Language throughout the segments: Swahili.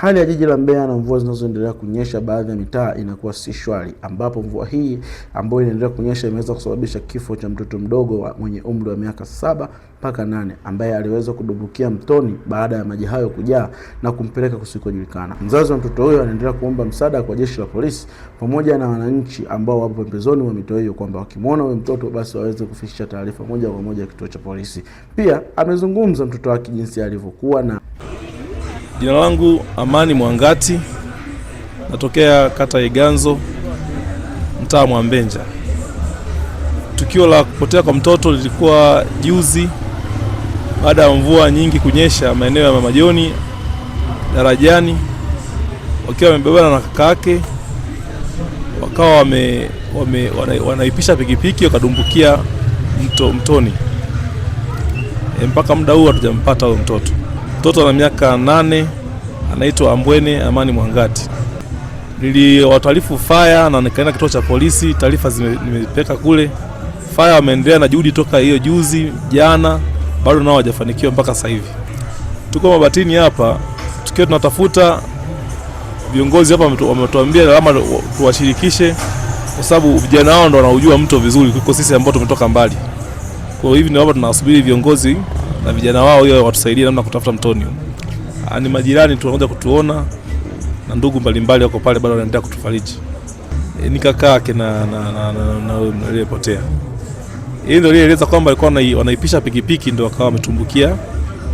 Hali ya jiji la Mbeya na mvua zinazoendelea kunyesha baadhi ya mitaa inakuwa si shwari, ambapo mvua hii ambayo inaendelea kunyesha imeweza kusababisha kifo cha mtoto mdogo mwenye umri wa miaka saba mpaka nane ambaye aliweza kudumbukia mtoni baada ya maji hayo kujaa na kumpeleka kusikojulikana. Mzazi wa mtoto huyo anaendelea kuomba msaada kwa jeshi la polisi pamoja na wananchi ambao wapo pembezoni mwa mito hiyo kwamba wakimwona huyo mtoto basi waweze kufikisha taarifa moja kwa moja kituo cha polisi. Pia amezungumza mtoto wake jinsi alivyokuwa na Jina langu Amani Mwangati, natokea kata ya Iganzo, mtaa Mwambenja. Tukio la kupotea kwa mtoto lilikuwa juzi baada ya mvua nyingi kunyesha maeneo ya Mama Joni darajani, wakiwa wamebebana na kaka yake, wakawa wame, wame, wanaipisha pikipiki wakadumbukia mto, mtoni. E, mpaka muda huu hatujampata huyo mtoto. Mtoto ana miaka nane anaitwa Ambwene Amani Mwangati. Niliwataarifu faya na nikaenda kituo cha polisi, taarifa zimepeka kule. Faya wameendelea na juhudi toka hiyo juzi jana, bado nao hawajafanikiwa mpaka sasa hivi. Tuko Mabatini hapa tukiwa tunatafuta viongozi hapa, wametuambia kama tuwashirikishe kwa sababu vijana wao ndo wanaujua mto vizuri kuliko sisi ambao tumetoka mbali. Kwa hivi ni hapa tunasubiri viongozi na vijana wao, hiyo watusaidie namna kutafuta mtoni. Ah, ni majirani tu wanakuja kutuona na ndugu mbalimbali wako pale bado wanaendelea kutufariji. E, ni kaka yake na na Hii ndio ilieleza kwamba walikuwa wanaipisha pikipiki ndio wakawa wametumbukia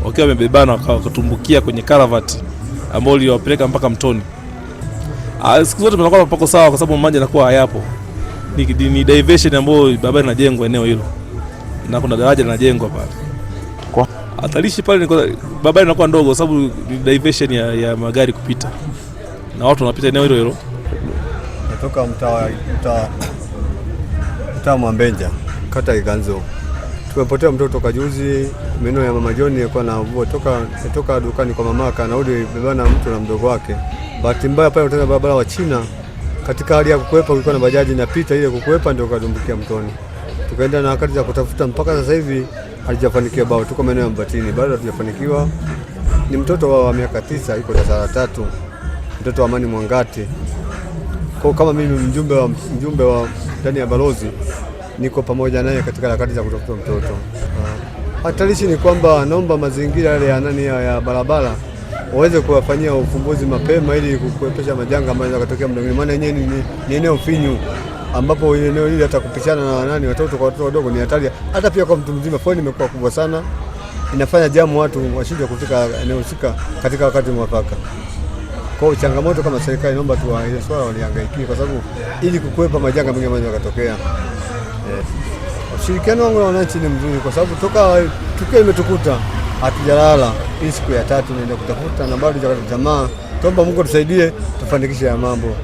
wakiwa wamebebana wakatumbukia kwenye karavati ambayo iliwapeleka mpaka mtoni. Ah, siku zote tunakuwa pako sawa kwa sababu maji yanakuwa hayapo. Ni, ni diversion ambayo barabara inajengwa eneo hilo na kuna daraja linajengwa pale hatarishi pale barabara inakuwa ndogo, sababu ni diversion ya, ya magari kupita na watu wanapita eneo hilo hilo kutoka mtaa mtaa Mwambenja kata Iganzo. Tumepotea mtoto toka juzi, meno ya mama John alikuwa na mvua toka toka dukani kwa mama yake, anarudi beba na mtu na mdogo wake. Bahati mbaya pale kutoka barabara wa China, katika hali ya kukwepa kulikuwa na bajaji inapita ile kukwepa, ndio kadumbukia mtoni tukaenda na harakati za kutafuta, mpaka sasa hivi alijafanikiwa bao. Tuko maeneo ya Mbatini, bado hatujafanikiwa. Ni mtoto wa miaka tisa, yuko darasa la tatu, mtoto wa Amani Mwangati. Kwa kama mimi mjumbe wa mjumbe wa ndani ya balozi, niko pamoja naye katika harakati za kutafuta mtoto. Hatarishi ni kwamba naomba mazingira yale ya nani ya barabara waweze kuwafanyia ufumbuzi mapema ili kuepesha majanga ambayo yanatokea mdomoni, maana yenyewe ni eneo finyu ambapo eneo hili hata kupishana na nani watoto kwa watoto wadogo ni hatari, hata pia kwa mtu mzima. Foleni imekuwa kubwa sana, inafanya jamu watu washindwe kufika eneo husika katika wakati mwafaka. Kwa changamoto kama serikali, naomba tu ile swala walihangaikia, kwa sababu ili kukwepa majanga mengi ambayo yakatokea. Eh, ushirikiano wangu na wananchi ni mzuri, kwa sababu toka tukio limetukuta hatujalala. Hii siku ya tatu naenda kutafuta na bado jakata tamaa. Tuomba Mungu tusaidie tufanikishe ya mambo.